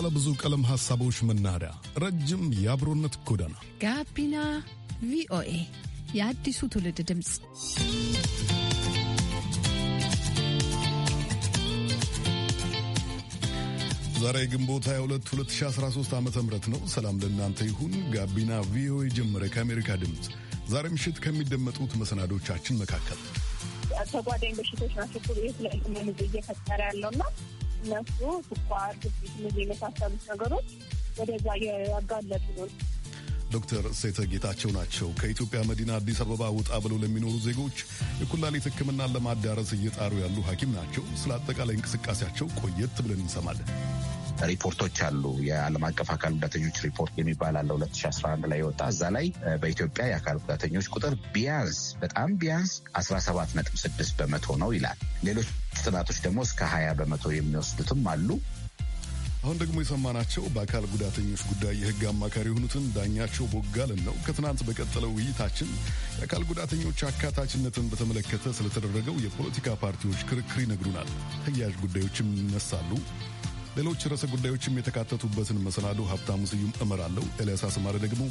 ባለ ብዙ ቀለም ሐሳቦች መናኸሪያ፣ ረጅም የአብሮነት ጎዳና ጋቢና ቪኦኤ የአዲሱ ትውልድ ድምፅ። ዛሬ ግንቦት 22 2013 ዓ ም ነው። ሰላም ለእናንተ ይሁን። ጋቢና ቪኦኤ ጀመረ። ከአሜሪካ ድምፅ ዛሬ ምሽት ከሚደመጡት መሰናዶቻችን መካከል ተጓዳኝ በሽቶች ናቸው። የተለያዩ እየፈጠረ ያለውና እነሱ ስኳር፣ ግፊት፣ እነዚህ የመሳሰሉት ነገሮች ወደዛ ያጋለጡ ነው። ዶክተር ሴተ ጌታቸው ናቸው። ከኢትዮጵያ መዲና አዲስ አበባ ውጣ ብለው ለሚኖሩ ዜጎች የኩላሊት ሕክምናን ለማዳረስ እየጣሩ ያሉ ሐኪም ናቸው። ስለ አጠቃላይ እንቅስቃሴያቸው ቆየት ብለን እንሰማለን። ሪፖርቶች አሉ። የዓለም አቀፍ አካል ጉዳተኞች ሪፖርት የሚባል አለ 2011 ላይ የወጣ እዛ ላይ በኢትዮጵያ የአካል ጉዳተኞች ቁጥር ቢያንስ በጣም ቢያንስ 17.6 በመቶ ነው ይላል። ሌሎች ጥናቶች ደግሞ እስከ 20 በመቶ የሚወስዱትም አሉ። አሁን ደግሞ የሰማናቸው በአካል ጉዳተኞች ጉዳይ የሕግ አማካሪ የሆኑትን ዳኛቸው ቦጋልን ነው። ከትናንት በቀጠለው ውይይታችን የአካል ጉዳተኞች አካታችነትን በተመለከተ ስለተደረገው የፖለቲካ ፓርቲዎች ክርክር ይነግሩናል። ተያያዥ ጉዳዮችም ይነሳሉ። ሌሎች ርዕሰ ጉዳዮችም የተካተቱበትን መሰናዶ ሀብታሙ ስዩም እመራለሁ። ኤልያስ አስማረ ደግሞ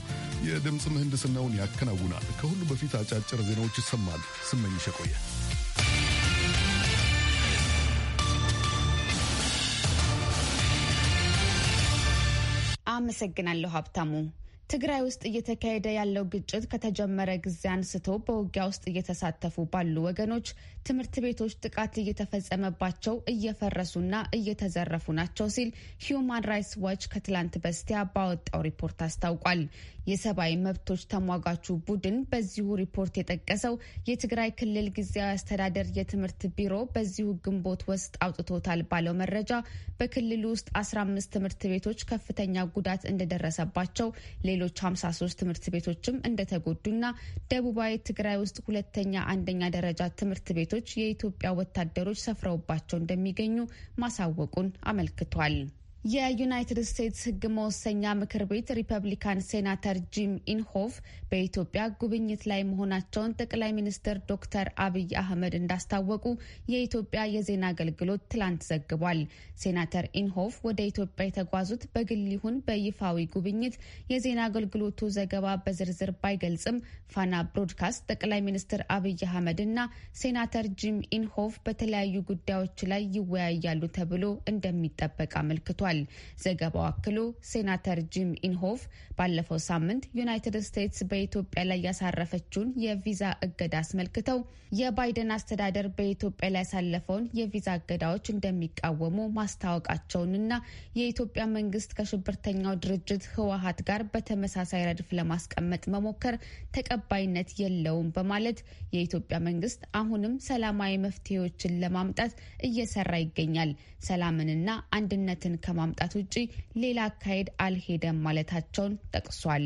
የድምፅ ምህንድስናውን ያከናውናል። ከሁሉ በፊት አጫጭር ዜናዎች ይሰማል። ስመኝሽ ቆየ። አመሰግናለሁ ሀብታሙ። ትግራይ ውስጥ እየተካሄደ ያለው ግጭት ከተጀመረ ጊዜ አንስቶ በውጊያ ውስጥ እየተሳተፉ ባሉ ወገኖች ትምህርት ቤቶች ጥቃት እየተፈጸመባቸው እየፈረሱና እየተዘረፉ ናቸው ሲል ሂዩማን ራይትስ ዋች ከትላንት በስቲያ ባወጣው ሪፖርት አስታውቋል። የሰብአዊ መብቶች ተሟጋቹ ቡድን በዚሁ ሪፖርት የጠቀሰው የትግራይ ክልል ጊዜያዊ አስተዳደር የትምህርት ቢሮ በዚሁ ግንቦት ውስጥ አውጥቶታል ባለው መረጃ በክልሉ ውስጥ 15 ትምህርት ቤቶች ከፍተኛ ጉዳት እንደደረሰባቸው፣ ሌሎች 53 ትምህርት ቤቶችም እንደተጎዱና ደቡባዊ ትግራይ ውስጥ ሁለተኛ አንደኛ ደረጃ ትምህርት ቤቶች መንደሮች የኢትዮጵያ ወታደሮች ሰፍረውባቸው እንደሚገኙ ማሳወቁን አመልክቷል። የዩናይትድ ስቴትስ ሕግ መወሰኛ ምክር ቤት ሪፐብሊካን ሴናተር ጂም ኢንሆፍ በኢትዮጵያ ጉብኝት ላይ መሆናቸውን ጠቅላይ ሚኒስትር ዶክተር አብይ አህመድ እንዳስታወቁ የኢትዮጵያ የዜና አገልግሎት ትላንት ዘግቧል። ሴናተር ኢንሆፍ ወደ ኢትዮጵያ የተጓዙት በግል ይሁን በይፋዊ ጉብኝት የዜና አገልግሎቱ ዘገባ በዝርዝር ባይገልጽም ፋና ብሮድካስት ጠቅላይ ሚኒስትር አብይ አህመድ እና ሴናተር ጂም ኢንሆፍ በተለያዩ ጉዳዮች ላይ ይወያያሉ ተብሎ እንደሚጠበቅ አመልክቷል። አስታውቋል። ዘገባው አክሎ ሴናተር ጂም ኢንሆፍ ባለፈው ሳምንት ዩናይትድ ስቴትስ በኢትዮጵያ ላይ ያሳረፈችውን የቪዛ እገዳ አስመልክተው የባይደን አስተዳደር በኢትዮጵያ ላይ ያሳለፈውን የቪዛ እገዳዎች እንደሚቃወሙ ማስታወቃቸውንና የኢትዮጵያ መንግስት ከሽብርተኛው ድርጅት ህወሀት ጋር በተመሳሳይ ረድፍ ለማስቀመጥ መሞከር ተቀባይነት የለውም በማለት የኢትዮጵያ መንግስት አሁንም ሰላማዊ መፍትሄዎችን ለማምጣት እየሰራ ይገኛል። ሰላምንና አንድነትን ከማ ከማምጣት ውጪ ሌላ አካሄድ አልሄደም ማለታቸውን ጠቅሷል።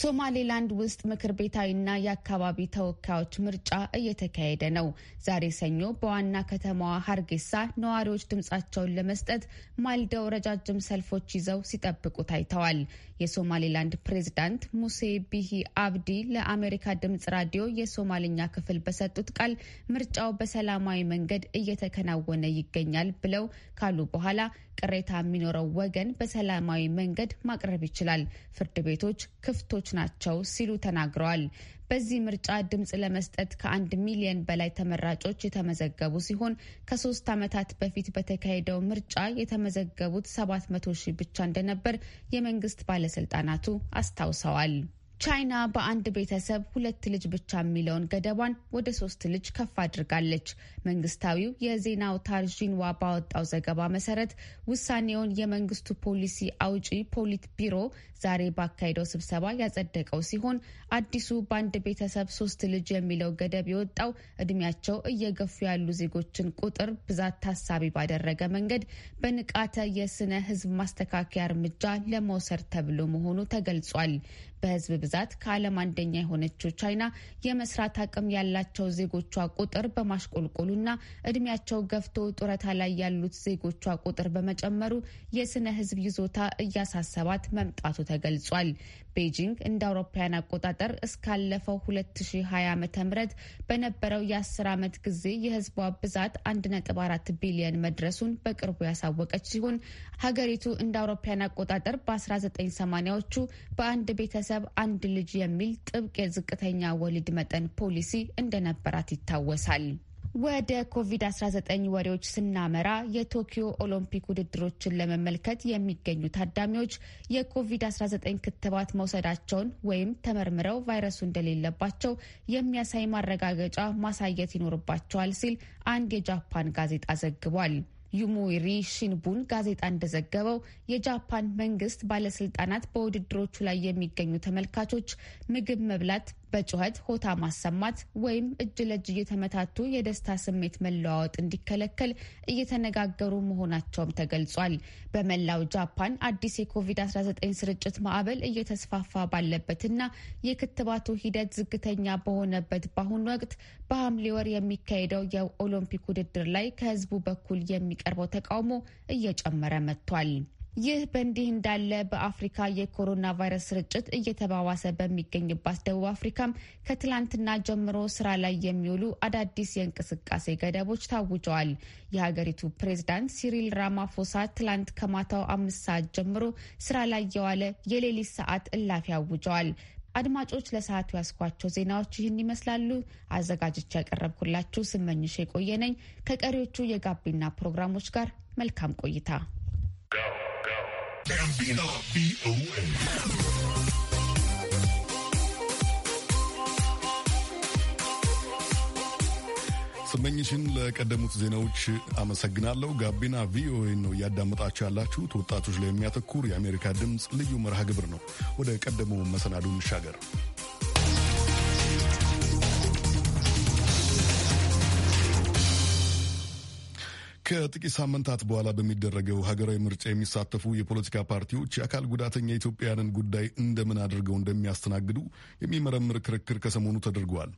ሶማሌላንድ ውስጥ ምክር ቤታዊና የአካባቢ ተወካዮች ምርጫ እየተካሄደ ነው። ዛሬ ሰኞ በዋና ከተማዋ ሀርጌሳ ነዋሪዎች ድምጻቸውን ለመስጠት ማልደው ረጃጅም ሰልፎች ይዘው ሲጠብቁ ታይተዋል። የሶማሌላንድ ፕሬዝዳንት ሙሴ ቢሂ አብዲ ለአሜሪካ ድምጽ ራዲዮ የሶማልኛ ክፍል በሰጡት ቃል ምርጫው በሰላማዊ መንገድ እየተከናወነ ይገኛል ብለው ካሉ በኋላ ቅሬታ የሚኖረው ወገን በሰላማዊ መንገድ ማቅረብ ይችላል፣ ፍርድ ቤቶች ክፍቶች ናቸው ሲሉ ተናግረዋል። በዚህ ምርጫ ድምፅ ለመስጠት ከአንድ ሚሊየን በላይ ተመራጮች የተመዘገቡ ሲሆን ከሶስት ዓመታት በፊት በተካሄደው ምርጫ የተመዘገቡት ሰባት መቶ ሺህ ብቻ እንደነበር የመንግስት ባለስልጣናቱ አስታውሰዋል። ቻይና በአንድ ቤተሰብ ሁለት ልጅ ብቻ የሚለውን ገደቧን ወደ ሶስት ልጅ ከፍ አድርጋለች። መንግስታዊው የዜና አውታር ዢንዋ ባወጣው ዘገባ መሰረት ውሳኔውን የመንግስቱ ፖሊሲ አውጪ ፖሊት ቢሮ ዛሬ ባካሄደው ስብሰባ ያጸደቀው ሲሆን አዲሱ በአንድ ቤተሰብ ሶስት ልጅ የሚለው ገደብ የወጣው እድሜያቸው እየገፉ ያሉ ዜጎችን ቁጥር ብዛት ታሳቢ ባደረገ መንገድ በንቃተ የስነ ሕዝብ ማስተካከያ እርምጃ ለመውሰድ ተብሎ መሆኑ ተገልጿል። በህዝብ ብዛት ከዓለም አንደኛ የሆነችው ቻይና የመስራት አቅም ያላቸው ዜጎቿ ቁጥር በማሽቆልቆሉና እድሜያቸው ገፍቶ ጡረታ ላይ ያሉት ዜጎቿ ቁጥር በመጨመሩ የስነ ህዝብ ይዞታ እያሳሰባት መምጣቱ ተገልጿል። ቤጂንግ እንደ አውሮፓውያን አቆጣጠር እስካለፈው 2020 ዓ ም በነበረው የ10 ዓመት ጊዜ የህዝቧ ብዛት 1.4 ቢሊዮን መድረሱን በቅርቡ ያሳወቀች ሲሆን ሀገሪቱ እንደ አውሮፓውያን አቆጣጠር በ1980ዎቹ በአንድ ቤተሰብ አንድ ልጅ የሚል ጥብቅ የዝቅተኛ ወሊድ መጠን ፖሊሲ እንደነበራት ይታወሳል። ወደ ኮቪድ-19 ወሬዎች ስናመራ የቶኪዮ ኦሎምፒክ ውድድሮችን ለመመልከት የሚገኙ ታዳሚዎች የኮቪድ-19 ክትባት መውሰዳቸውን ወይም ተመርምረው ቫይረሱ እንደሌለባቸው የሚያሳይ ማረጋገጫ ማሳየት ይኖርባቸዋል ሲል አንድ የጃፓን ጋዜጣ ዘግቧል። ዩሙሪ ሺንቡን ጋዜጣ እንደዘገበው የጃፓን መንግስት ባለስልጣናት በውድድሮቹ ላይ የሚገኙ ተመልካቾች ምግብ መብላት በጩኸት ሆታ ማሰማት ወይም እጅ ለእጅ እየተመታቱ የደስታ ስሜት መለዋወጥ እንዲከለከል እየተነጋገሩ መሆናቸውም ተገልጿል። በመላው ጃፓን አዲስ የኮቪድ-19 ስርጭት ማዕበል እየተስፋፋ ባለበትና የክትባቱ ሂደት ዝግተኛ በሆነበት በአሁኑ ወቅት በሐምሌ ወር የሚካሄደው የኦሎምፒክ ውድድር ላይ ከህዝቡ በኩል የሚቀርበው ተቃውሞ እየጨመረ መጥቷል። ይህ በእንዲህ እንዳለ በአፍሪካ የኮሮና ቫይረስ ስርጭት እየተባባሰ በሚገኝባት ደቡብ አፍሪካም ከትላንትና ጀምሮ ስራ ላይ የሚውሉ አዳዲስ የእንቅስቃሴ ገደቦች ታውጀዋል። የሀገሪቱ ፕሬዝዳንት ሲሪል ራማፎሳ ትላንት ከማታው አምስት ሰዓት ጀምሮ ስራ ላይ የዋለ የሌሊት ሰዓት እላፊ አውጀዋል። አድማጮች ለሰዓቱ ያስኳቸው ዜናዎች ይህን ይመስላሉ። አዘጋጅቻ ያቀረብኩላችሁ ስመኝሽ የቆየነኝ ከቀሪዎቹ የጋቢና ፕሮግራሞች ጋር መልካም ቆይታ ጋቢና ስመኝሽን ለቀደሙት ዜናዎች አመሰግናለሁ። ጋቢና ቪኦኤ ነው እያዳመጣችሁ ያላችሁት። ወጣቶች ላይ የሚያተኩር የአሜሪካ ድምፅ ልዩ መርሃ ግብር ነው። ወደ ቀደመው መሰናዱ እንሻገር። ከጥቂት ሳምንታት በኋላ በሚደረገው ሀገራዊ ምርጫ የሚሳተፉ የፖለቲካ ፓርቲዎች የአካል ጉዳተኛ ኢትዮጵያውያንን ጉዳይ እንደምን አድርገው እንደሚያስተናግዱ የሚመረምር ክርክር ከሰሞኑ ተደርጓል።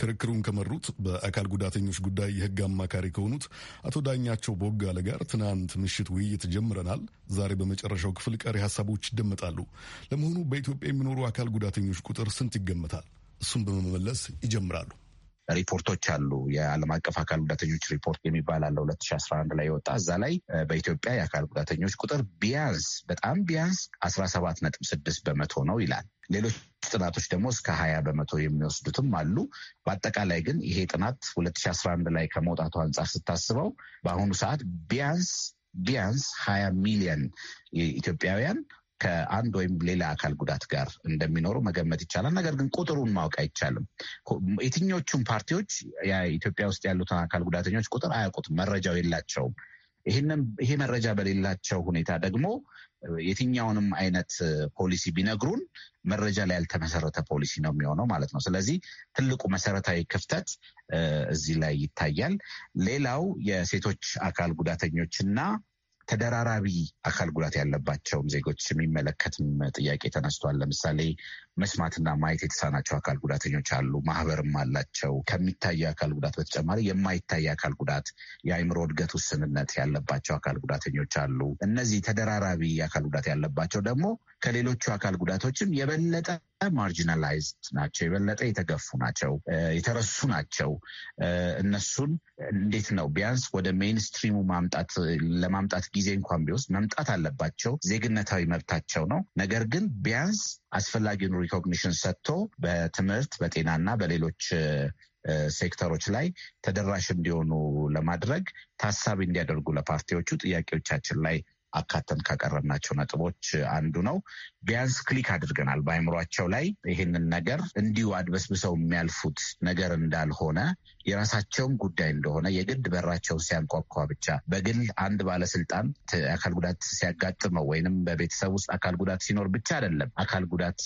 ክርክሩን ከመሩት በአካል ጉዳተኞች ጉዳይ የሕግ አማካሪ ከሆኑት አቶ ዳኛቸው ቦጋለ ጋር ትናንት ምሽት ውይይት ጀምረናል። ዛሬ በመጨረሻው ክፍል ቀሪ ሀሳቦች ይደመጣሉ። ለመሆኑ በኢትዮጵያ የሚኖሩ አካል ጉዳተኞች ቁጥር ስንት ይገመታል? እሱን በመመለስ ይጀምራሉ። ሪፖርቶች አሉ። የዓለም አቀፍ አካል ጉዳተኞች ሪፖርት የሚባል አለ ሁለት ሺህ አስራ አንድ ላይ የወጣ እዛ ላይ በኢትዮጵያ የአካል ጉዳተኞች ቁጥር ቢያንስ በጣም ቢያንስ አስራ ሰባት ነጥብ ስድስት በመቶ ነው ይላል። ሌሎች ጥናቶች ደግሞ እስከ ሀያ በመቶ የሚወስዱትም አሉ። በአጠቃላይ ግን ይሄ ጥናት ሁለት አስራ አንድ ላይ ከመውጣቱ አንጻር ስታስበው በአሁኑ ሰዓት ቢያንስ ቢያንስ ሀያ ሚሊየን ኢትዮጵያውያን ከአንድ ወይም ሌላ አካል ጉዳት ጋር እንደሚኖሩ መገመት ይቻላል። ነገር ግን ቁጥሩን ማወቅ አይቻልም። የትኞቹም ፓርቲዎች ኢትዮጵያ ውስጥ ያሉትን አካል ጉዳተኞች ቁጥር አያውቁትም፣ መረጃው የላቸውም። ይህንም ይሄ መረጃ በሌላቸው ሁኔታ ደግሞ የትኛውንም አይነት ፖሊሲ ቢነግሩን መረጃ ላይ ያልተመሰረተ ፖሊሲ ነው የሚሆነው ማለት ነው። ስለዚህ ትልቁ መሰረታዊ ክፍተት እዚህ ላይ ይታያል። ሌላው የሴቶች አካል ጉዳተኞችና ተደራራቢ አካል ጉዳት ያለባቸውም ዜጎች የሚመለከትም ጥያቄ ተነስቷል። ለምሳሌ መስማትና ማየት የተሳናቸው አካል ጉዳተኞች አሉ። ማህበርም አላቸው። ከሚታየው አካል ጉዳት በተጨማሪ የማይታይ አካል ጉዳት፣ የአይምሮ እድገት ውስንነት ያለባቸው አካል ጉዳተኞች አሉ። እነዚህ ተደራራቢ አካል ጉዳት ያለባቸው ደግሞ ከሌሎቹ አካል ጉዳቶችም የበለጠ ማርጂናላይዝድ ናቸው፣ የበለጠ የተገፉ ናቸው፣ የተረሱ ናቸው። እነሱን እንዴት ነው ቢያንስ ወደ ሜንስትሪሙ ማምጣት ለማምጣት ጊዜ እንኳን ቢወስድ መምጣት አለባቸው። ዜግነታዊ መብታቸው ነው። ነገር ግን ቢያንስ አስፈላጊውን ሪኮግኒሽን ሰጥቶ በትምህርት በጤናና በሌሎች ሴክተሮች ላይ ተደራሽ እንዲሆኑ ለማድረግ ታሳቢ እንዲያደርጉ ለፓርቲዎቹ ጥያቄዎቻችን ላይ አካተን ካቀረብናቸው ነጥቦች አንዱ ነው። ቢያንስ ክሊክ አድርገናል በአይምሯቸው ላይ ይህንን ነገር እንዲሁ አድበስብሰው የሚያልፉት ነገር እንዳልሆነ የራሳቸውን ጉዳይ እንደሆነ የግድ በራቸውን ሲያንኳኳ ብቻ በግል አንድ ባለስልጣን አካል ጉዳት ሲያጋጥመው ወይንም በቤተሰብ ውስጥ አካል ጉዳት ሲኖር ብቻ አይደለም አካል ጉዳት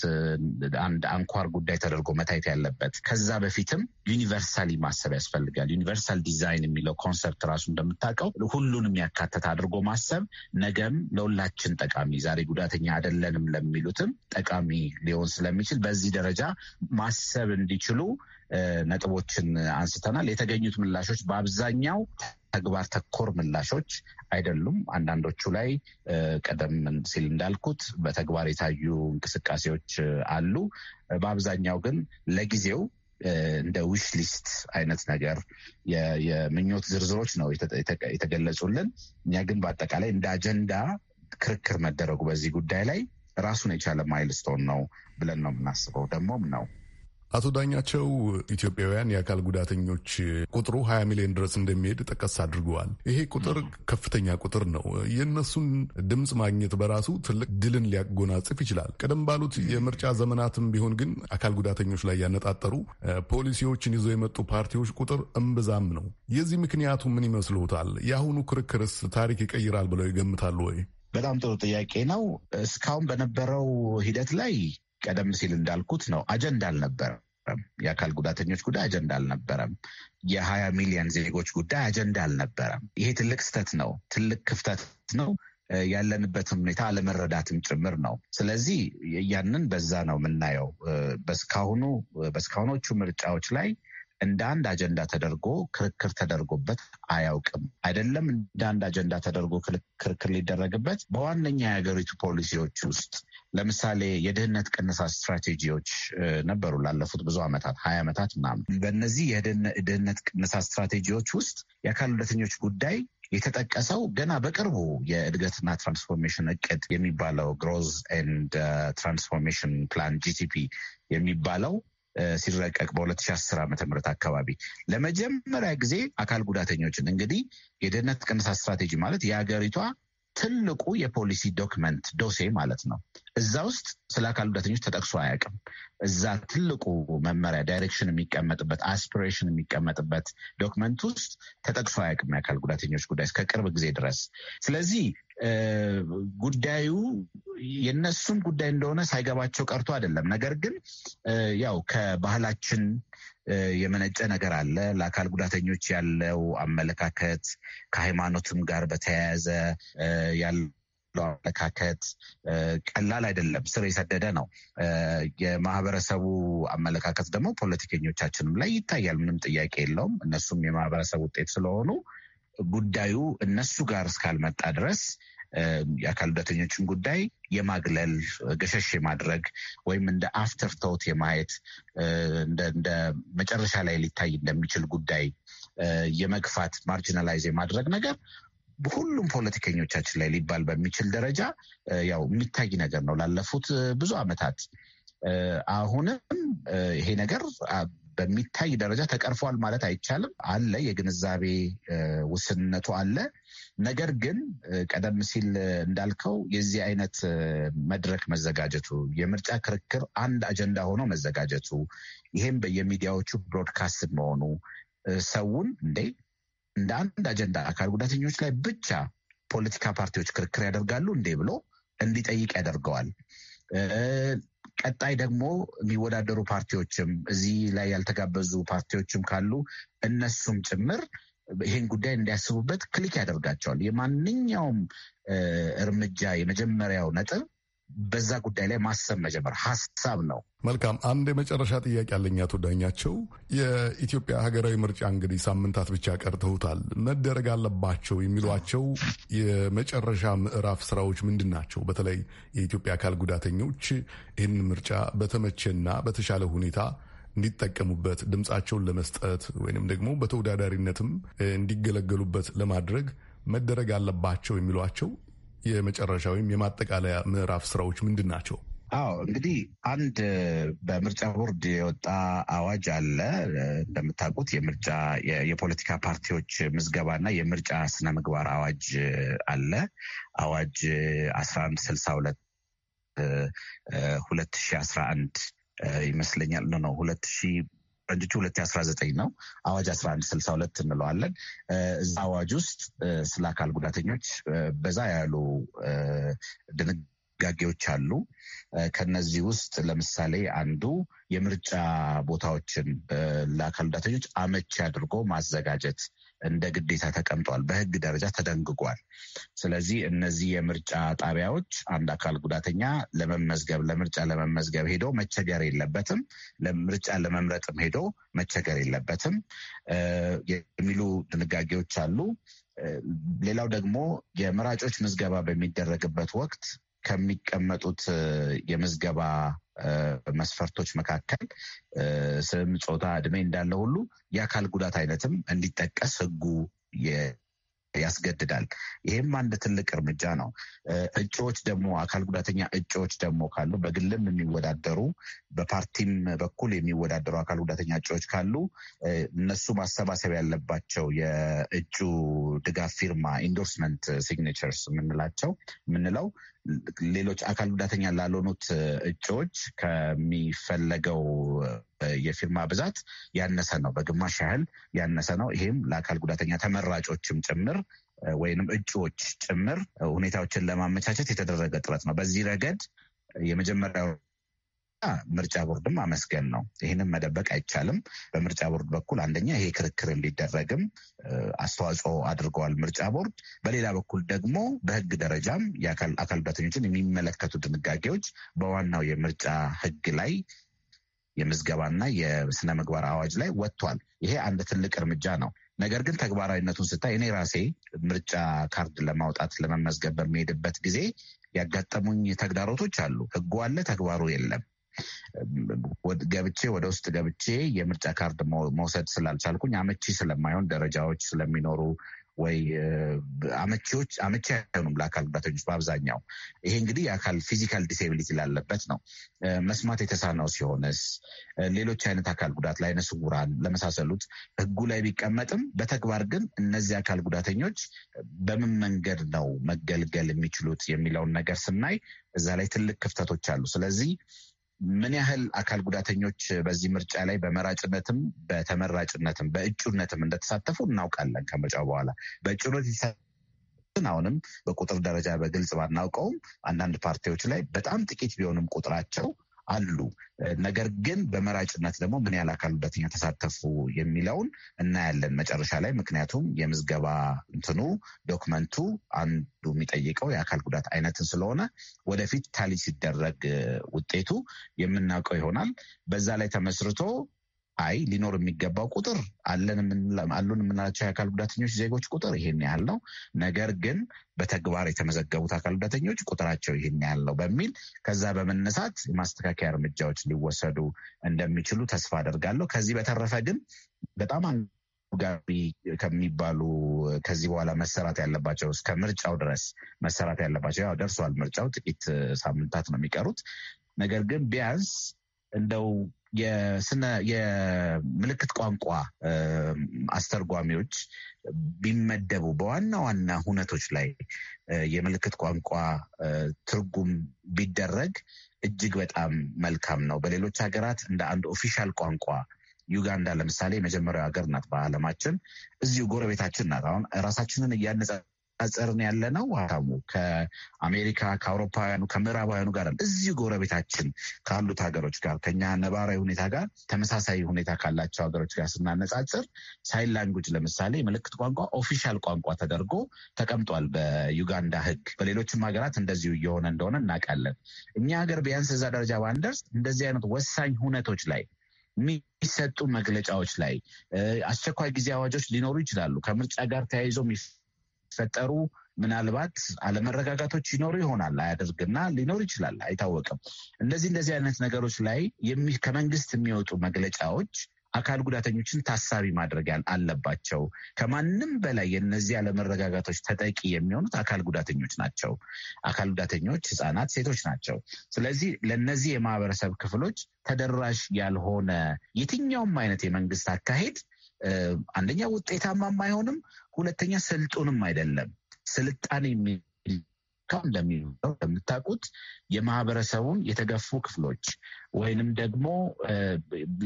አንድ አንኳር ጉዳይ ተደርጎ መታየት ያለበት። ከዛ በፊትም ዩኒቨርሳሊ ማሰብ ያስፈልጋል። ዩኒቨርሳል ዲዛይን የሚለው ኮንሰርት ራሱ እንደምታውቀው ሁሉንም ያካተት አድርጎ ማሰብ ነገም ለሁላችን ጠቃሚ፣ ዛሬ ጉዳተኛ አይደለንም ለሚሉትም ጠቃሚ ሊሆን ስለሚችል በዚህ ደረጃ ማሰብ እንዲችሉ ነጥቦችን አንስተናል። የተገኙት ምላሾች በአብዛኛው ተግባር ተኮር ምላሾች አይደሉም። አንዳንዶቹ ላይ ቀደም ሲል እንዳልኩት በተግባር የታዩ እንቅስቃሴዎች አሉ። በአብዛኛው ግን ለጊዜው እንደ ዊሽ ሊስት አይነት ነገር የምኞት ዝርዝሮች ነው የተገለጹልን። እኛ ግን በአጠቃላይ እንደ አጀንዳ ክርክር መደረጉ በዚህ ጉዳይ ላይ ራሱን የቻለ ማይልስቶን ነው ብለን ነው የምናስበው ደግሞም ነው። አቶ ዳኛቸው ኢትዮጵያውያን የአካል ጉዳተኞች ቁጥሩ 20 ሚሊዮን ድረስ እንደሚሄድ ጠቀስ አድርገዋል። ይሄ ቁጥር ከፍተኛ ቁጥር ነው። የእነሱን ድምፅ ማግኘት በራሱ ትልቅ ድልን ሊያጎናጽፍ ይችላል። ቀደም ባሉት የምርጫ ዘመናትም ቢሆን ግን አካል ጉዳተኞች ላይ ያነጣጠሩ ፖሊሲዎችን ይዘው የመጡ ፓርቲዎች ቁጥር እምብዛም ነው። የዚህ ምክንያቱ ምን ይመስልዎታል? የአሁኑ ክርክርስ ታሪክ ይቀይራል ብለው ይገምታሉ ወይ? በጣም ጥሩ ጥያቄ ነው። እስካሁን በነበረው ሂደት ላይ ቀደም ሲል እንዳልኩት ነው አጀንዳ አልነበረም። የአካል ጉዳተኞች ጉዳይ አጀንዳ አልነበረም። የሀያ ሚሊዮን ዜጎች ጉዳይ አጀንዳ አልነበረም። ይሄ ትልቅ ስህተት ነው፣ ትልቅ ክፍተት ነው። ያለንበትም ሁኔታ አለመረዳትም ጭምር ነው። ስለዚህ ያንን በዛ ነው የምናየው። በስካሁኑ በስካሁኖቹ ምርጫዎች ላይ እንደ አንድ አጀንዳ ተደርጎ ክርክር ተደርጎበት አያውቅም። አይደለም እንደ አንድ አጀንዳ ተደርጎ ክርክር ሊደረግበት በዋነኛ የሀገሪቱ ፖሊሲዎች ውስጥ ለምሳሌ የድህነት ቅነሳ ስትራቴጂዎች ነበሩ ላለፉት ብዙ ዓመታት ሀያ ዓመታት ምናምን። በእነዚህ የድህነት ቅነሳ ስትራቴጂዎች ውስጥ የአካል ጉዳተኞች ጉዳይ የተጠቀሰው ገና በቅርቡ የእድገትና ትራንስፎርሜሽን እቅድ የሚባለው ግሮዝ ኤንድ ትራንስፎርሜሽን ፕላን ጂቲፒ የሚባለው ሲረቀቅ በ2010 ዓ ም አካባቢ ለመጀመሪያ ጊዜ አካል ጉዳተኞችን እንግዲህ የደህንነት ቅነሳ ስትራቴጂ ማለት የሀገሪቷ ትልቁ የፖሊሲ ዶክመንት ዶሴ ማለት ነው። እዛ ውስጥ ስለ አካል ጉዳተኞች ተጠቅሶ አያውቅም። እዛ ትልቁ መመሪያ ዳይሬክሽን የሚቀመጥበት አስፒሬሽን የሚቀመጥበት ዶክመንት ውስጥ ተጠቅሶ አያውቅም የአካል ጉዳተኞች ጉዳይ እስከ ቅርብ ጊዜ ድረስ። ስለዚህ ጉዳዩ የነሱም ጉዳይ እንደሆነ ሳይገባቸው ቀርቶ አይደለም። ነገር ግን ያው ከባህላችን የመነጨ ነገር አለ። ለአካል ጉዳተኞች ያለው አመለካከት ከሃይማኖትም ጋር በተያያዘ ያለው አመለካከት ቀላል አይደለም፣ ስር የሰደደ ነው። የማህበረሰቡ አመለካከት ደግሞ ፖለቲከኞቻችንም ላይ ይታያል፣ ምንም ጥያቄ የለውም። እነሱም የማህበረሰብ ውጤት ስለሆኑ ጉዳዩ እነሱ ጋር እስካልመጣ ድረስ የአካል ጉዳተኞችን ጉዳይ የማግለል ገሸሽ የማድረግ ወይም እንደ አፍተር ቶት የማየት እንደ መጨረሻ ላይ ሊታይ እንደሚችል ጉዳይ የመግፋት ማርጂናላይዝ የማድረግ ነገር ሁሉም ፖለቲከኞቻችን ላይ ሊባል በሚችል ደረጃ ያው የሚታይ ነገር ነው ላለፉት ብዙ አመታት አሁንም ይሄ ነገር በሚታይ ደረጃ ተቀርፏል ማለት አይቻልም። አለ የግንዛቤ ውስንነቱ አለ። ነገር ግን ቀደም ሲል እንዳልከው የዚህ አይነት መድረክ መዘጋጀቱ የምርጫ ክርክር አንድ አጀንዳ ሆኖ መዘጋጀቱ፣ ይህም በየሚዲያዎቹ ብሮድካስት መሆኑ ሰውን እንዴ እንደ አንድ አጀንዳ አካል ጉዳተኞች ላይ ብቻ ፖለቲካ ፓርቲዎች ክርክር ያደርጋሉ እንዴ ብሎ እንዲጠይቅ ያደርገዋል። ቀጣይ ደግሞ የሚወዳደሩ ፓርቲዎችም እዚህ ላይ ያልተጋበዙ ፓርቲዎችም ካሉ እነሱም ጭምር ይህን ጉዳይ እንዲያስቡበት ክሊክ ያደርጋቸዋል። የማንኛውም እርምጃ የመጀመሪያው ነጥብ በዛ ጉዳይ ላይ ማሰብ መጀመር ሀሳብ ነው። መልካም አንድ የመጨረሻ ጥያቄ አለኝ። አቶ ዳኛቸው የኢትዮጵያ ሀገራዊ ምርጫ እንግዲህ ሳምንታት ብቻ ቀርተውታል። መደረግ አለባቸው የሚሏቸው የመጨረሻ ምዕራፍ ስራዎች ምንድን ናቸው? በተለይ የኢትዮጵያ አካል ጉዳተኞች ይህን ምርጫ በተመቸና በተሻለ ሁኔታ እንዲጠቀሙበት ድምፃቸውን ለመስጠት ወይንም ደግሞ በተወዳዳሪነትም እንዲገለገሉበት ለማድረግ መደረግ አለባቸው የሚሏቸው የመጨረሻ ወይም የማጠቃለያ ምዕራፍ ስራዎች ምንድን ናቸው? አዎ እንግዲህ አንድ በምርጫ ቦርድ የወጣ አዋጅ አለ። እንደምታውቁት የምርጫ የፖለቲካ ፓርቲዎች ምዝገባ እና የምርጫ ስነ ምግባር አዋጅ አለ። አዋጅ አስራ አንድ ስልሳ ሁለት ሁለት ሺ አስራ አንድ ይመስለኛል ነው ሁለት ሺ ረጅቹ 2019 ነው። አዋጅ 1162 እንለዋለን። እዛ አዋጅ ውስጥ ስለ አካል ጉዳተኞች በዛ ያሉ ድንጋጌዎች አሉ። ከነዚህ ውስጥ ለምሳሌ አንዱ የምርጫ ቦታዎችን ለአካል ጉዳተኞች አመቺ አድርጎ ማዘጋጀት እንደ ግዴታ ተቀምጧል፣ በህግ ደረጃ ተደንግጓል። ስለዚህ እነዚህ የምርጫ ጣቢያዎች አንድ አካል ጉዳተኛ ለመመዝገብ ለምርጫ ለመመዝገብ ሄዶ መቸገር የለበትም፣ ለምርጫ ለመምረጥም ሄዶ መቸገር የለበትም የሚሉ ድንጋጌዎች አሉ። ሌላው ደግሞ የመራጮች ምዝገባ በሚደረግበት ወቅት ከሚቀመጡት የምዝገባ መስፈርቶች መካከል ስም፣ ጾታ፣ እድሜ እንዳለ ሁሉ የአካል ጉዳት አይነትም እንዲጠቀስ ህጉ ያስገድዳል። ይህም አንድ ትልቅ እርምጃ ነው። እጩዎች ደግሞ አካል ጉዳተኛ እጩዎች ደግሞ ካሉ በግልም የሚወዳደሩ በፓርቲም በኩል የሚወዳደሩ አካል ጉዳተኛ እጩዎች ካሉ እነሱ ማሰባሰብ ያለባቸው የእጩ ድጋፍ ፊርማ ኢንዶርስመንት ሲግኔቸርስ የምንላቸው የምንለው ሌሎች አካል ጉዳተኛ ላልሆኑት እጩዎች ከሚፈለገው የፊርማ ብዛት ያነሰ ነው፣ በግማሽ ያህል ያነሰ ነው። ይሄም ለአካል ጉዳተኛ ተመራጮችም ጭምር ወይንም እጩዎች ጭምር ሁኔታዎችን ለማመቻቸት የተደረገ ጥረት ነው። በዚህ ረገድ የመጀመሪያው ምርጫ ቦርድም አመስገን ነው። ይህንም መደበቅ አይቻልም። በምርጫ ቦርድ በኩል አንደኛ ይሄ ክርክር እንዲደረግም አስተዋጽኦ አድርገዋል ምርጫ ቦርድ። በሌላ በኩል ደግሞ በህግ ደረጃም የአካል ጉዳተኞችን የሚመለከቱ ድንጋጌዎች በዋናው የምርጫ ህግ ላይ የምዝገባና የስነ ምግባር አዋጅ ላይ ወጥቷል። ይሄ አንድ ትልቅ እርምጃ ነው። ነገር ግን ተግባራዊነቱን ስታይ እኔ ራሴ ምርጫ ካርድ ለማውጣት ለመመዝገብ በሚሄድበት ጊዜ ያጋጠሙኝ ተግዳሮቶች አሉ። ህጉ አለ፣ ተግባሩ የለም። ገብቼ ወደ ውስጥ ገብቼ የምርጫ ካርድ መውሰድ ስላልቻልኩኝ አመቺ ስለማይሆን ደረጃዎች ስለሚኖሩ ወይ አመቺዎች አመቺ አይሆኑም ለአካል ጉዳተኞች በአብዛኛው። ይሄ እንግዲህ የአካል ፊዚካል ዲስኤቢሊቲ ላለበት ነው። መስማት የተሳነው ሲሆንስ፣ ሌሎች አይነት አካል ጉዳት፣ ለአይነ ስውራን ለመሳሰሉት ህጉ ላይ ቢቀመጥም በተግባር ግን እነዚህ አካል ጉዳተኞች በምን መንገድ ነው መገልገል የሚችሉት የሚለውን ነገር ስናይ እዛ ላይ ትልቅ ክፍተቶች አሉ። ስለዚህ ምን ያህል አካል ጉዳተኞች በዚህ ምርጫ ላይ በመራጭነትም በተመራጭነትም በእጩነትም እንደተሳተፉ እናውቃለን። ከምርጫው በኋላ በእጩነት አሁንም በቁጥር ደረጃ በግልጽ ባናውቀውም አንዳንድ ፓርቲዎች ላይ በጣም ጥቂት ቢሆንም ቁጥራቸው አሉ። ነገር ግን በመራጭነት ደግሞ ምን ያህል አካል ጉዳተኛ ተሳተፉ የሚለውን እናያለን መጨረሻ ላይ። ምክንያቱም የምዝገባ እንትኑ ዶክመንቱ አንዱ የሚጠይቀው የአካል ጉዳት አይነትን ስለሆነ ወደፊት ታሊ ሲደረግ ውጤቱ የምናውቀው ይሆናል። በዛ ላይ ተመስርቶ አይ ሊኖር የሚገባው ቁጥር አለን አሉን የምንላቸው የአካል ጉዳተኞች ዜጎች ቁጥር ይህን ያህል ነው፣ ነገር ግን በተግባር የተመዘገቡት አካል ጉዳተኞች ቁጥራቸው ይህን ያህል ነው በሚል ከዛ በመነሳት የማስተካከያ እርምጃዎች ሊወሰዱ እንደሚችሉ ተስፋ አደርጋለሁ። ከዚህ በተረፈ ግን በጣም ጋቢ ከሚባሉ ከዚህ በኋላ መሰራት ያለባቸው እስከ ምርጫው ድረስ መሰራት ያለባቸው ያው ደርሷል። ምርጫው ጥቂት ሳምንታት ነው የሚቀሩት። ነገር ግን ቢያንስ እንደው የስነ የምልክት ቋንቋ አስተርጓሚዎች ቢመደቡ በዋና ዋና ሁነቶች ላይ የምልክት ቋንቋ ትርጉም ቢደረግ እጅግ በጣም መልካም ነው። በሌሎች ሀገራት እንደ አንድ ኦፊሻል ቋንቋ ዩጋንዳ ለምሳሌ የመጀመሪያው ሀገር ናት በዓለማችን። እዚሁ ጎረቤታችን ናት። አሁን ራሳችንን እያነጻ እያነጻጸርን ያለ ነው። ሀሳቡ ከአሜሪካ ከአውሮፓውያኑ ከምዕራባውያኑ ጋር እዚሁ ጎረቤታችን ካሉት ሀገሮች ጋር ከኛ ነባራዊ ሁኔታ ጋር ተመሳሳይ ሁኔታ ካላቸው ሀገሮች ጋር ስናነጻጽር ሳይን ላንጉጅ ለምሳሌ የምልክት ቋንቋ ኦፊሻል ቋንቋ ተደርጎ ተቀምጧል በዩጋንዳ ሕግ። በሌሎችም ሀገራት እንደዚሁ እየሆነ እንደሆነ እናውቃለን። እኛ ሀገር ቢያንስ እዛ ደረጃ ባንደርስ እንደዚህ አይነት ወሳኝ ሁነቶች ላይ የሚሰጡ መግለጫዎች ላይ አስቸኳይ ጊዜ አዋጆች ሊኖሩ ይችላሉ ከምርጫ ጋር ተያይዞ ሲፈጠሩ ምናልባት አለመረጋጋቶች ይኖሩ ይሆናል። አያደርግና ሊኖር ይችላል፣ አይታወቅም። እንደዚህ እንደዚህ አይነት ነገሮች ላይ ከመንግስት የሚወጡ መግለጫዎች አካል ጉዳተኞችን ታሳቢ ማድረግ አለባቸው። ከማንም በላይ የነዚህ አለመረጋጋቶች ተጠቂ የሚሆኑት አካል ጉዳተኞች ናቸው። አካል ጉዳተኞች ሕጻናት፣ ሴቶች ናቸው። ስለዚህ ለነዚህ የማህበረሰብ ክፍሎች ተደራሽ ያልሆነ የትኛውም አይነት የመንግስት አካሄድ አንደኛ ውጤታማ አይሆንም፣ ሁለተኛ ስልጡንም አይደለም። ስልጣን የሚካም ለሚለው ለምታውቁት የማህበረሰቡን የተገፉ ክፍሎች ወይንም ደግሞ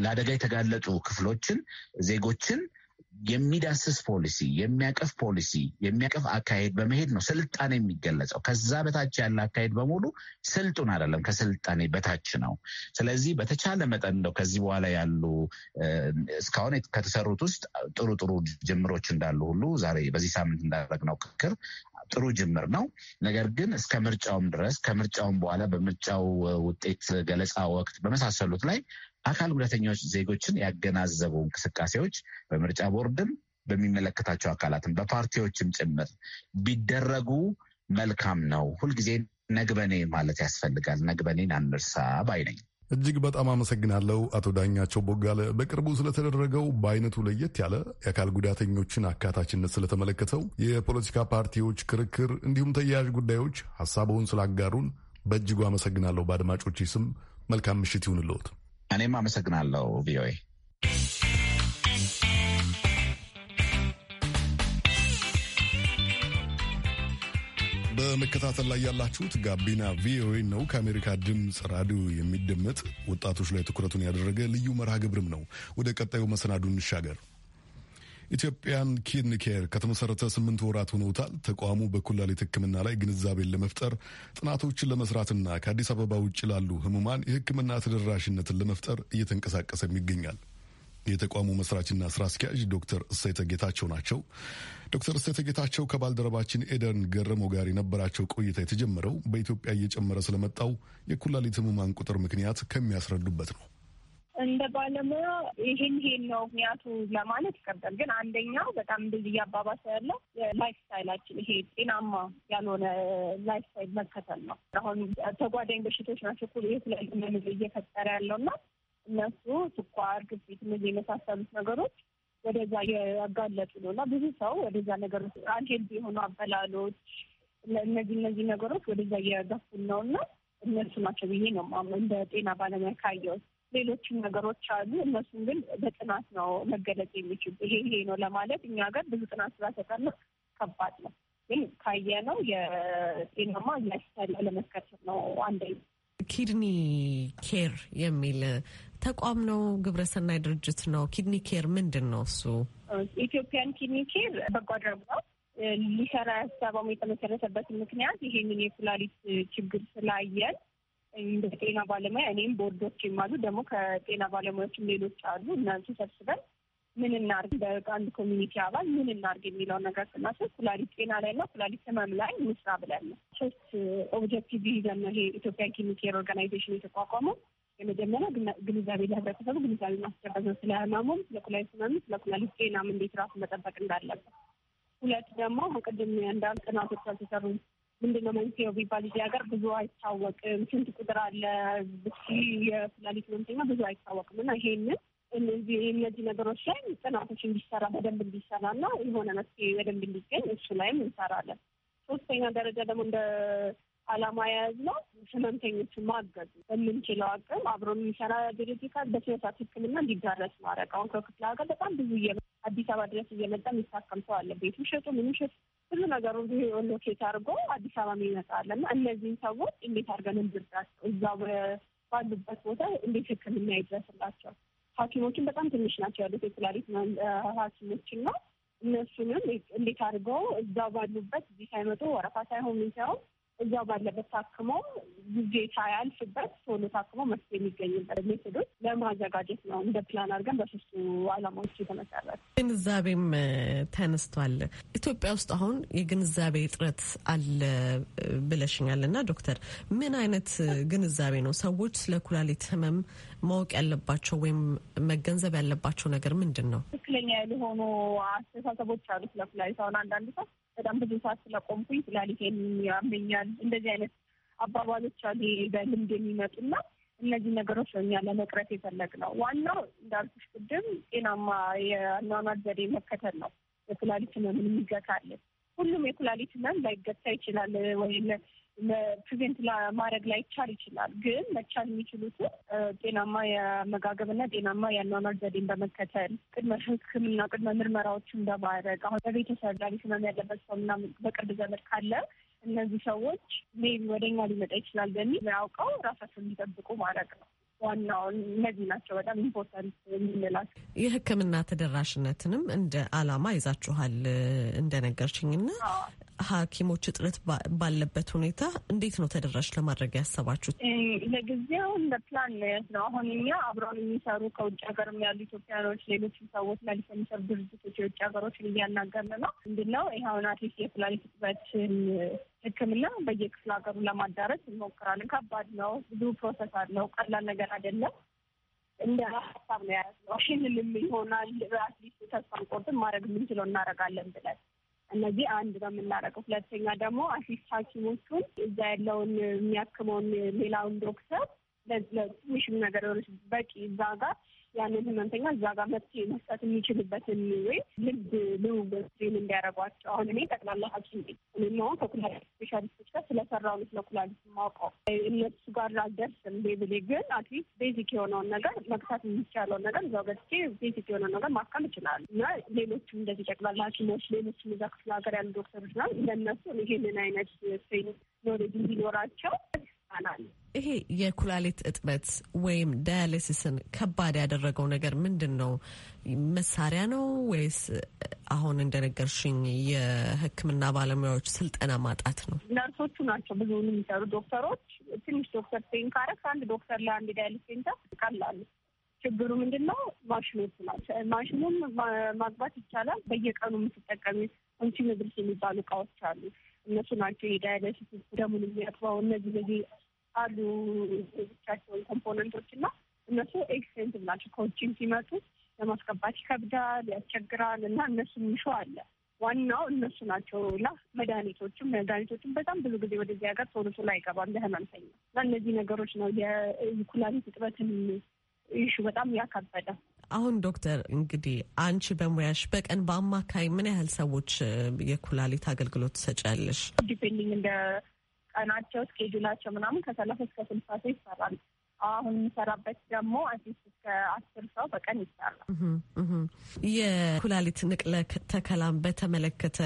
ለአደጋ የተጋለጡ ክፍሎችን ዜጎችን የሚዳስስ ፖሊሲ የሚያቀፍ ፖሊሲ የሚያቀፍ አካሄድ በመሄድ ነው ስልጣኔ የሚገለጸው። ከዛ በታች ያለ አካሄድ በሙሉ ስልጡን አይደለም፣ ከስልጣኔ በታች ነው። ስለዚህ በተቻለ መጠን እንደው ከዚህ በኋላ ያሉ እስካሁን ከተሰሩት ውስጥ ጥሩ ጥሩ ጅምሮች እንዳሉ ሁሉ ዛሬ በዚህ ሳምንት እንዳደረግነው ክክር ጥሩ ጅምር ነው። ነገር ግን እስከ ምርጫውም ድረስ ከምርጫውም በኋላ በምርጫው ውጤት ገለጻ ወቅት በመሳሰሉት ላይ አካል ጉዳተኞች ዜጎችን ያገናዘቡ እንቅስቃሴዎች በምርጫ ቦርድም በሚመለከታቸው አካላትም በፓርቲዎችም ጭምር ቢደረጉ መልካም ነው። ሁልጊዜ ነግበኔ ማለት ያስፈልጋል። ነግበኔን አንርሳ ባይ ነኝ። እጅግ በጣም አመሰግናለሁ አቶ ዳኛቸው ቦጋለ። በቅርቡ ስለተደረገው በአይነቱ ለየት ያለ የአካል ጉዳተኞችን አካታችነት ስለተመለከተው የፖለቲካ ፓርቲዎች ክርክር፣ እንዲሁም ተያያዥ ጉዳዮች ሀሳቡን ስላጋሩን በእጅጉ አመሰግናለሁ። በአድማጮች ስም መልካም ምሽት ይሁንልዎት። እኔም አመሰግናለሁ ቪኦኤ። በመከታተል ላይ ያላችሁት ጋቢና ቪኦኤ ነው። ከአሜሪካ ድምፅ ራዲዮ የሚደመጥ ወጣቶች ላይ ትኩረቱን ያደረገ ልዩ መርሃ ግብርም ነው። ወደ ቀጣዩ መሰናዱ እንሻገር። ኢትዮጵያን ኪድኒ ኬር ከተመሠረተ ስምንት ወራት ሆኖታል። ተቋሙ በኩላሊት ሕክምና ላይ ግንዛቤን ለመፍጠር ጥናቶችን ለመስራትና ከአዲስ አበባ ውጭ ላሉ ህሙማን የሕክምና ተደራሽነትን ለመፍጠር እየተንቀሳቀሰም ይገኛል። የተቋሙ መስራችና ስራ አስኪያጅ ዶክተር እሴተ ጌታቸው ናቸው። ዶክተር እሴተ ጌታቸው ከባልደረባችን ኤደን ገረሞ ጋር የነበራቸው ቆይታ የተጀመረው በኢትዮጵያ እየጨመረ ስለመጣው የኩላሊት ህሙማን ቁጥር ምክንያት ከሚያስረዱበት ነው። እንደ ባለሙያ ይህን ይሄን ነው ምክንያቱ ለማለት ይከብዳል። ግን አንደኛው በጣም እንደዚህ እያባባሰ ያለው ላይፍ ስታይላችን ይሄ ጤናማ ያልሆነ ላይፍ ስታይል መከተል ነው። አሁን ተጓዳኝ በሽቶች ናቸው የተለያዩ ምግብ እየፈጠረ ያለው እና እነሱ ስኳር፣ ግፊት፣ እነዚህ የመሳሰሉት ነገሮች ወደዛ ያጋለጡ ነው እና ብዙ ሰው ወደዛ ነገሮች አንሄልዚ የሆኑ አበላሎች እነዚህ እነዚህ ነገሮች ወደዛ እየገፉን ነው እና እነሱ ናቸው ብዬ ነው እንደ ጤና ባለሙያ ካየሁት ሌሎችም ነገሮች አሉ። እነሱም ግን በጥናት ነው መገለጽ የሚችል ይሄ ይሄ ነው ለማለት እኛ ጋር ብዙ ጥናት ስላልተጠና ከባድ ነው። ግን ካየ ነው የጤናማ ላይፍስታይል ለመከተል ነው አንደ ኪድኒ ኬር የሚል ተቋም ነው፣ ግብረሰናይ ድርጅት ነው። ኪድኒ ኬር ምንድን ነው እሱ? ኢትዮጵያን ኪድኒ ኬር በጎ አድራጎት ነው። ሊሰራ ያሰበውም የተመሰረተበት ምክንያት ይሄንን የኩላሊት ችግር ስላየን እንደ ጤና ባለሙያ እኔም ቦርዶች ይማሉ ደግሞ ከጤና ባለሙያዎችም ሌሎች አሉ። እናንተ ሰብስበን ምን እናርግ፣ በአንድ ኮሚኒቲ አባል ምን እናርግ የሚለውን ነገር ስናስብ ኩላሊት ጤና ላይ እና ኩላሊት ህመም ላይ ምስራ ብለን ነው። ሶስት ኦብጀክቲቭ ይዘን ነው ይሄ ኢትዮጵያን ክሊኒክ ኬር ኦርጋናይዜሽን የተቋቋመው። የመጀመሪያ ግንዛቤ ለህብረተሰቡ ግንዛቤ ማስጨበጥ ነው፣ ስለ ህመሙም፣ ስለ ኩላሊት ህመም፣ ስለ ኩላሊት ጤናም እንዴት ራሱ መጠበቅ እንዳለበት። ሁለት ደግሞ ቅድም እንዳል ጥናቶች አልተሰሩም ምንድነው መንስኤው ቢባል እዚህ ሀገር ብዙ አይታወቅም። ስንት ቁጥር አለ የኩላሊት ሕመምተኛ ብዙ አይታወቅም እና ይሄንን እነዚህ እነዚህ ነገሮች ላይ ጥናቶች እንዲሰራ በደንብ እንዲሰራ እና የሆነ መፍትሄ በደንብ እንዲገኝ እሱ ላይም እንሰራለን። ሶስተኛ ደረጃ ደግሞ እንደ ዓላማ የያዝነው ህመምተኞችን ማገዝ በምንችለው አቅም አብሮ የሚሰራ ድርጅት በስነሳት ሕክምና እንዲዳረስ ማድረግ አሁን ከክፍለ ሀገር በጣም ብዙ አዲስ አበባ ድረስ እየመጣ የሚታከም ሰው አለ። ቤቱ ሸጡ ምንም ሸጡ ብዙ ነገሩ ሎኬት አድርጎ አዲስ አበባ ይመጣል እና እነዚህን ሰዎች እንዴት አድርገን እንድርዳት እዛ ባሉበት ቦታ እንዴት ህክምና ይድረስላቸው። ሀኪሞችን በጣም ትንሽ ናቸው ያሉት የኩላሊት ሀኪሞች ነው። እነሱንም እንዴት አድርገው እዛ ባሉበት እዚህ ሳይመጡ ወረፋ ሳይሆን ምን እዚያው ባለበት ታክሞ ጊዜ ሳያልፍበት ቶሎ ታክሞ መፍትሄ የሚገኝበት ሜቶዶች ለማዘጋጀት ነው። እንደ ፕላን አድርገን በሶስቱ አላማዎች የተመሰረት ግንዛቤም ተነስቷል። ኢትዮጵያ ውስጥ አሁን የግንዛቤ እጥረት አለ ብለሽኛል እና ዶክተር ምን አይነት ግንዛቤ ነው ሰዎች ስለ ኩላሊት ህመም ማወቅ ያለባቸው ወይም መገንዘብ ያለባቸው ነገር ምንድን ነው? ትክክለኛ ያልሆኑ አስተሳሰቦች አሉ ስለ ኩላሊት አሁን አንዳንድ ሰው በጣም ብዙ ሰዓት ስለቆምኩኝ ኩላሊቴን ያመኛል፣ እንደዚህ አይነት አባባሎች አሉ በልምድ የሚመጡና እነዚህ ነገሮች ነው እኛ ለመቅረት ነው። ዋናው እንዳልኩሽ ቅድም ጤናማ የአኗኗር ዘዴ መከተል ነው። የኩላሊት ህመምን የሚገታለን ሁሉም የኩላሊት ህመም ላይገታ ይችላል ወይ ፕሪቬንት ማድረግ ላይቻል ይችላል። ግን መቻል የሚችሉት ጤናማ የመጋገብና ጤናማ የአኗኗር ዘዴን በመከተል ቅድመ ሕክምና ቅድመ ምርመራዎችን በማድረግ አሁን በቤተሰብ ላይ ህመም ያለበት ሰው እና በቅርብ ዘመድ ካለ እነዚህ ሰዎች ወደኛ ሊመጣ ይችላል በሚል ያውቀው ራሳቸው እንዲጠብቁ ማድረግ ነው። ዋናውን እነዚህ ናቸው በጣም ኢምፖርታንት የምንላቸው። የሕክምና ተደራሽነትንም እንደ አላማ ይዛችኋል እንደነገርችኝ ና ሐኪሞች እጥረት ባለበት ሁኔታ እንዴት ነው ተደራሽ ለማድረግ ያሰባችሁት? ለጊዜው እንደ ፕላን ነየት ነው። አሁን እኛ አብረን የሚሰሩ ከውጭ ሀገርም ያሉ ኢትዮጵያኖች፣ ሌሎች ሰዎች መልስ የሚሰሩ ድርጅቶች የውጭ ሀገሮችን እያናገርን ነው። ምንድነው ይኸውን አትሊስት የፕላን ሕክምና በየክፍለ ሀገሩ ለማዳረስ እንሞክራለን። ከባድ ነው፣ ብዙ ፕሮሰስ አለው። ቀላል ነገር አይደለም። እንደ ሀሳብ ነው ያለው። ይህንንም ይሆናል አትሊስት ተስፋ አንቆርጥም፣ ማድረግ የምንችለው እናደርጋለን ብለን እነዚህ አንድ ነው የምናደርገው። ሁለተኛ ደግሞ አትሊስት ሐኪሞቹን እዛ ያለውን የሚያክመውን ሌላውን ዶክተር ለትንሽም ነገር የሆነች በቂ እዛ ጋር ያንን ህመምተኛ እዛ ጋር መፍትሄ መስጠት የሚችልበትን ወይ ልብ ልውውጥ ወይም እንዲያደርጓቸው አሁን እኔ ጠቅላላ ሐኪም ቤት እኔም አሁን ከኩላሊት ስፔሻሊስቶች ጋር ስለሰራው ስለ ኩላሊት የማውቀው እነሱ ጋር አልደርስም ብሌ ግን አትሊስት ቤዚክ የሆነውን ነገር መግታት የሚቻለውን ነገር እዛው ገብቼ ቤዚክ የሆነውን ነገር ማከም ይችላሉ እና ሌሎችም እንደዚህ ጠቅላላ ሐኪሞች ሌሎችም እዛ ክፍለ ሀገር ያሉ ዶክተሮች ና ለእነሱ ይሄንን አይነት ትሬኒንግ ኖሬጅ እንዲኖራቸው ይሄ የኩላሊት እጥበት ወይም ዳያሊሲስን ከባድ ያደረገው ነገር ምንድን ነው? መሳሪያ ነው ወይስ አሁን እንደነገርሽኝ የሕክምና ባለሙያዎች ስልጠና ማጣት ነው? ነርሶቹ ናቸው ብዙውን የሚሰሩ ዶክተሮች። ትንሽ ዶክተር ፔን ካረክ አንድ ዶክተር ለአንድ ዳያሊስ ሴንተር ይቀላሉ። ችግሩ ምንድን ነው? ማሽኖች ናቸው። ማሽኑም ማግባት ይቻላል። በየቀኑ የምትጠቀሚ ኮንቲኒብርስ የሚባሉ እቃዎች አሉ እነሱ ናቸው የዳያሊሲስ ደሙን የሚያጥበው እነዚህ እነዚህ አሉ ቻቸውን ኮምፖነንቶች እና እነሱ ኤክስፔንሲቭ ናቸው። ከውጭም ሲመጡ ለማስገባት ይከብዳል፣ ያስቸግራል እና እነሱ ምሾ አለ ዋናው እነሱ ናቸው ላ መድኃኒቶችም መድኃኒቶችም በጣም ብዙ ጊዜ ወደዚህ ሀገር ቶሎ ቶሎ አይገባም ለህመምተኛ እና እነዚህ ነገሮች ነው የኩላሊት እጥበትን ይሹ በጣም ያካበደ አሁን ዶክተር እንግዲህ አንቺ በሙያሽ በቀን በአማካይ ምን ያህል ሰዎች የኩላሊት አገልግሎት ትሰጫለሽ? ዲፔንዲንግ እንደ ቀናቸው ስኬጁላቸው ምናምን ከሰላሳ እስከ ስልሳ ሰው ይሰራል። አሁን የሚሰራበት ደግሞ አዲስ እስከ አስር ሰው በቀን ይሰራል። የኩላሊት ንቅለ ተከላም በተመለከተ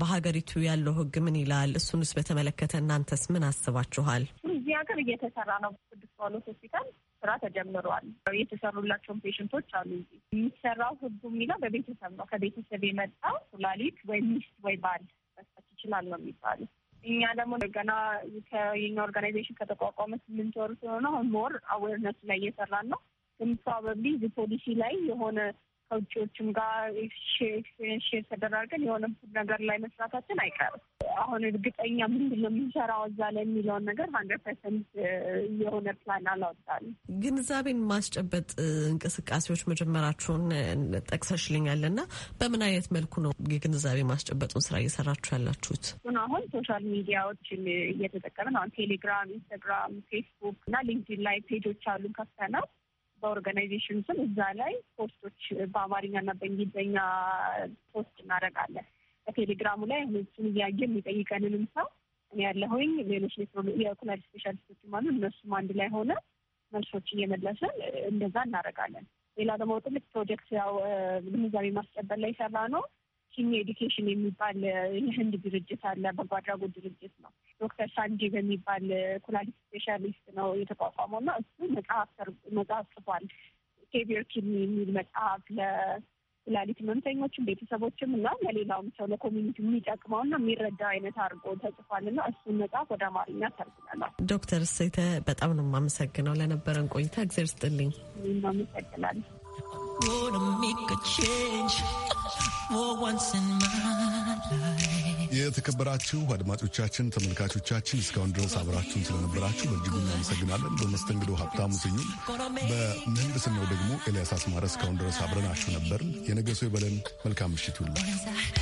በሀገሪቱ ያለው ህግ ምን ይላል? እሱንስ በተመለከተ እናንተስ ምን አስባችኋል? እዚህ ሀገር እየተሰራ ነው። ቅዱስ ጳውሎስ ሆስፒታል ስራ ተጀምሯል። የተሰሩላቸውን ፔሽንቶች አሉ። የሚሰራው ህጉ የሚለው በቤተሰብ ነው። ከቤተሰብ የመጣው ኩላሊት ወይ ሚስት ወይ ባል መስጠት ይችላል ነው የሚባለው። እኛ ደግሞ ገና ከኛ ኦርጋናይዜሽን ከተቋቋመ ስምንት ወር ሲሆነው ሞር አዌርነስ ላይ እየሰራን ነው። ግን ፕሮባብሊ ፖሊሲ ላይ የሆነ ከውጭዎችም ጋር ሽ ተደራርገን የሆነ ነገር ላይ መስራታችን አይቀርም። አሁን እርግጠኛ ምንድን ነው የምንሰራው እዛ ላይ የሚለውን ነገር ሀንድረድ ፐርሰንት uh, የሆነ ፕላን አላወጣል። ግንዛቤን ማስጨበጥ እንቅስቃሴዎች መጀመራችሁን ጠቅሰሽልኛል እና በምን አይነት መልኩ ነው የግንዛቤ ማስጨበጡን ስራ እየሰራችሁ ያላችሁት? አሁን ሶሻል ሚዲያዎችን እየተጠቀምን አሁን ቴሌግራም፣ ኢንስታግራም፣ ፌስቡክ እና ሊንክድን ላይ ፔጆች አሉን ከፍተናል በኦርጋናይዜሽን ስም እዛ ላይ ፖስቶች በአማርኛና በእንግሊዝኛ ፖስት እናደርጋለን። በቴሌግራሙ ላይ ሁለቱን እያየ የሚጠይቀንንም ሰው እኔ ያለሁኝ ሌሎች የኩላሊት ስፔሻሊስቶችም አሉ። እነሱም አንድ ላይ ሆነ መልሶች እየመለስን እንደዛ እናደርጋለን። ሌላ ደግሞ ትልቅ ፕሮጀክት ያው ግንዛቤ ማስጨበል ላይ ሰራ ነው ሲኒ ኤዲኬሽን የሚባል የህንድ ድርጅት አለ፣ በጎ አድራጎት ድርጅት ነው። ዶክተር ሳንጂ በሚባል ኩላሊት ስፔሻሊስት ነው የተቋቋመው እና እሱ መጽሐፍ ጽፏል። ሴቪየር ኪሚ የሚል መጽሐፍ ለኩላሊት ህመምተኞችም ቤተሰቦችም እና ለሌላውም ሰው ለኮሚኒቲ የሚጠቅመው እና የሚረዳው አይነት አድርጎ ተጽፏል እና እሱን መጽሐፍ ወደ አማርኛ ተርጉመናል። ዶክተር ሴተ በጣም ነው የማመሰግነው ለነበረን ቆይታ። እግዜር ስጥልኝ። አመሰግናለሁ። የተከበራችሁ አድማጮቻችን፣ ተመልካቾቻችን እስካሁን ድረስ አብራችሁን ስለነበራችሁ በእጅጉ እናመሰግናለን። በመስተንግዶ ሀብታሙ ስዩም፣ በምህንድስናው ደግሞ ኤልያስ አስማረ እስካሁን ድረስ አብረናችሁ ነበርን። የነገ ሰው ይበለን። መልካም ምሽት ይሁንላችሁ።